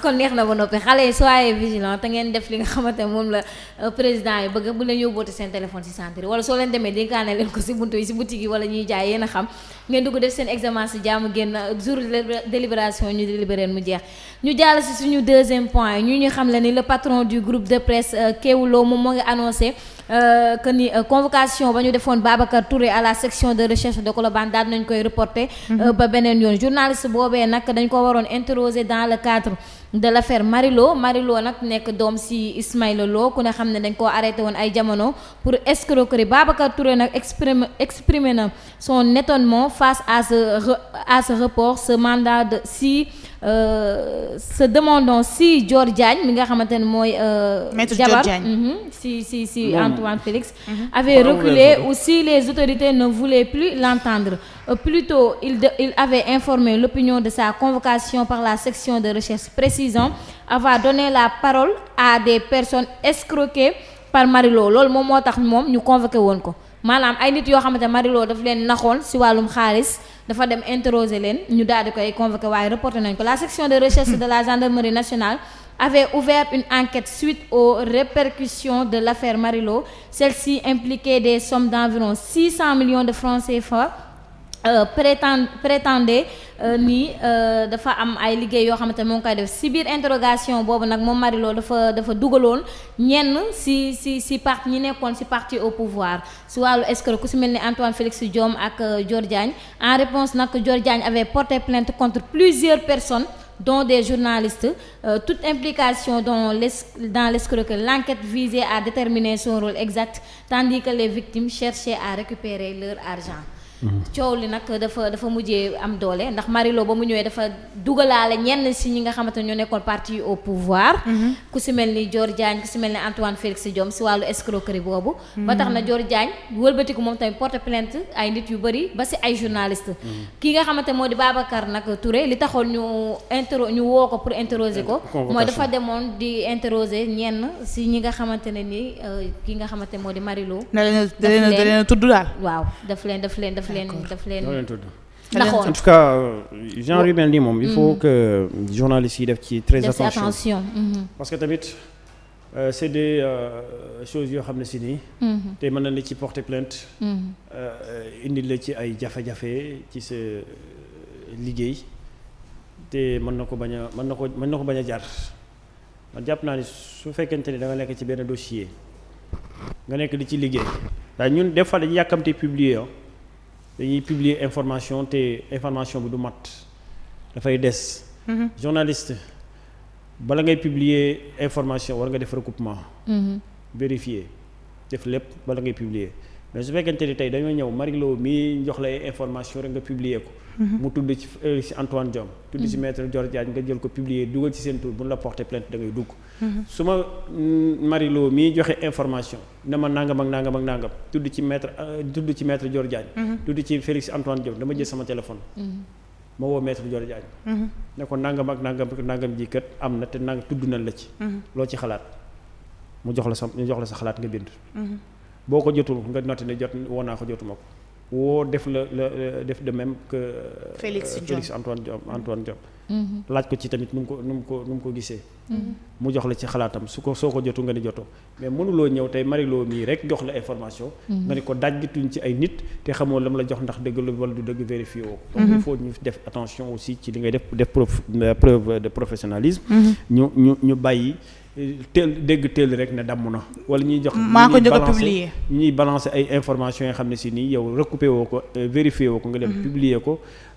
kon neex na ba noppi xale yi soyez vigilant te ngeen def li nga xamante moom la euh, président yi bëgg bu leen yóbboote seen téléphone si centre wala soo leen demee dénkaane leen ko si buntu yi si boutique yi wala ñuy jaay yéen a xam ngeen dugg def seen examen si jaamu génn jour délibération ñu délibéré mu jeex ñu jàll si suñu deuxième point ñu ñu xam le ni le patron du groupe de presse euh, Kewoulo moom moo ngi annoncé Euh, que ni euh, convocation ba ñu defoon Babacar Touré à la section de recherche de Colobane daal nañ koy reporté. Mhm. Euh, ba beneen yoon journaliste boobee nag dañ ko waroon interroger dans le cadre. de l'affaire Marilo Marilo nag nekk doom si Ismaïla Lo ku ne xam ne dañ ko arrêté woon ay jamono pour escroquerie Babacar Touré nag exprimé exprimer na son étonnement face à à ce report ce mandat de si Euh, se demandons si Dior Diagne mi nga xamante ne mooy. Euh, jabar mhm, si si si Antoine Félix. Mhm. avait reculé ou si les autorités ne voulaient plus l'entendre euh, plutôt il de il avait informé l'opinion de sa convocation par la section de recherche précisant avoir donné la parole à des personnes escroquées par marilo loolu moom moo tax moom ñu convoqué woon ko. maanaam ay nit yoo xamante ne Marilou daf leen naxoon si wàllum xaalis dafa dem interroger leen ñu daal di koy convoqué waaye reporté nañ ko la section de recherche de la gendarmerie nationale avait ouvert une enquête suite aux répercussions de l'affaire Marilou celle-ci impliquait des sommes d'environ 600 millions de francs CFA euh, prétend Euh, nii euh, dafa am ay liggéey yoo xamante ne moo ngi koy def si biir interrogation boobu nag moom Marilou dafa dafa dugaloon ñenn si si si parti ñi nekkoon si parti au pouvoir si wàllu escroc ku si mel ni Antoine Félix Diome ak euh, Dior Diagne en réponse nag Dior Diagne avait porté plainte contre plusieurs personnes dont des journalistes euh, toute implication dans les dans l'escroquerie l'enquête visait à déterminer son rôle exact tandis que les victimes cherchaient à récupérer leur argent coow li nag dafa dafa mujjee am doole ndax Marilo ba mu ñëwee dafa dugalaale ñenn si ñi nga xamante ne ñoo nekkoon parti au pouvoir. Mhm. ku si mel ni Dior Diagne ku si mel ni Antoine Félix Diome si wàllu escroquerie boobu. ba tax na mhm. Dior Diagne wëlbatiku moom tamit porte plainte ay nit yu bëri ba si ay journaliste mhm. ki nga xamante moo di Babacar nag Touré li taxoon ñu interro ñu woo ko pour interroger ko. mooy dafa demoon di interroger ñenn si ñi nga xamante ne ni euh, ki nga xamante moo di Marilo. da leen da leen tudd daal. waaw daf leen daf leen daf leen daf leen naxoon en tout cas euh, genre yu mel nii moom il faut mm-hmm. que journalistes yi def ci très attention mm-hmm. parce que tamit Euh, c'est des euh, choses yoo xam ne si nii. Mm-hmm. te mën na la ci porter plainte. Euh, indi la ci ay jafe-jafe ci sa euh, liggéey te mën na ko bañ a mën na ko mën na ko bañ a jar man jàpp naa ne su fekkente ni da nga nekk ci benn dossier nga nekk di ci liggéey. waaye ñun des fois dañuy publier dañuy publier information te information bi du mat dafay des. Mhm. journaliste bala ngay publier information war nga def recoupement. Mhm. vérifier def lépp bala ngay publier mais su fekkente ni tey dañoo ñëw Marie Lo jox la information rek nga publier ko. mu tudd ci euh, ci Antoine Diome tudd ci mm-hmm. maître Dior Diagne nga jël ko publier dugal ci seen tur bu ñu la porté plainte da dugg mm-hmm. su ma mm, Marilou mii joxe information ne ma nangam ak nangam ak nangam tudd ci maître euh, tudd mm-hmm. ma woo maître Dior Diagne ne ko nangam ak nangam nangam ji kat am na te nang tudd nañ la ci loo ci xalaat mu jox la sa mu jox la sa xalaat nga bind boo ko jotul nga noté ne jot woo naa ko jotuma ko woo def la la def de même que. Euh, Félix Diop Félix Antoine Diop Antoine Diop. Mm-hmm. laaj ko ci tamit nu mu ko nu mu ko nu mu ko gisee. Mm-hmm. mu jox la ci xalaatam su ko soo ko jotu nga ni joto mais mënuloo ñëw tey mariloo mii rek jox la information. Mm-hmm. nga ni ko dajgituñ ci ay nit te xamoo lam la jox ndax dëgg la wala du dëgg vérifié woo ko. donc il faut ñu def attention aussi ci li ngay def def preuve euh, de professionnalisme. ñu ñu ñu bàyyi. teel dégg teel rek ne damm na wala ñuy jox maa ko njëkk a ñuy balancer ay informations yoo xam ne si nii yow recoupé woo ko euh, vérifié woo ko nga dem mm-hmm. publier ko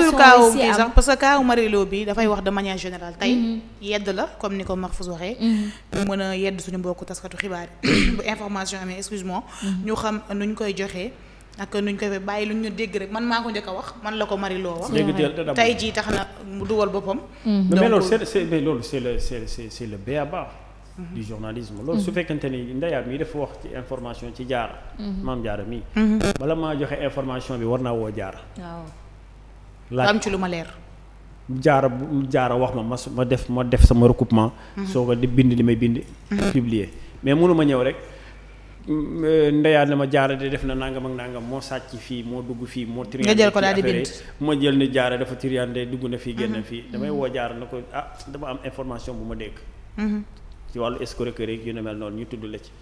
relation bi kaaw bi sax parce que kaaw Marilo bi dafay wax de manière générale tey mm-hmm. yedd la comme ni ko Mahfouz waxee mm-hmm. mu mën a yedd suñu mbokku taskatu xibaar yi mm-hmm. bu information amee excuse-moi ñu xam nuñ koy joxee ak nuñ koy bàyyi luñ ñu dégg rek man maa ko njëkk a wax man la ko Marilo wax tey jii tax na mu dugal boppam mais loolu c'est mais loolu c'est le c'est c'est c'est le b.a.-ba du journalisme loolu su fekkente ni ndeyaat mi dafa wax ci information ci jaara maam jaara mii bala maa joxe information bi war naa woo jaara waaw laaj am ci lu ma leer. jaara jaara wax ma ma ma def ma def sama recoupement. Mhm. soo ko di bind li may bind. Mhm. publier mais mënu ma ñëw rek. Mm, euh, ndeyaat la ma jaara de def na nangam ak nangam moo sàcc fii moo dugg fii moo. nga jël ko daal di bind ma jël ni jaara dafa triandé dugg na fii mhm. génn fii. damay woo jaar na ko ah dama am information bu ma dégg. ci wàllu escroquerie yu ne mel noonu ñu tudd la ci.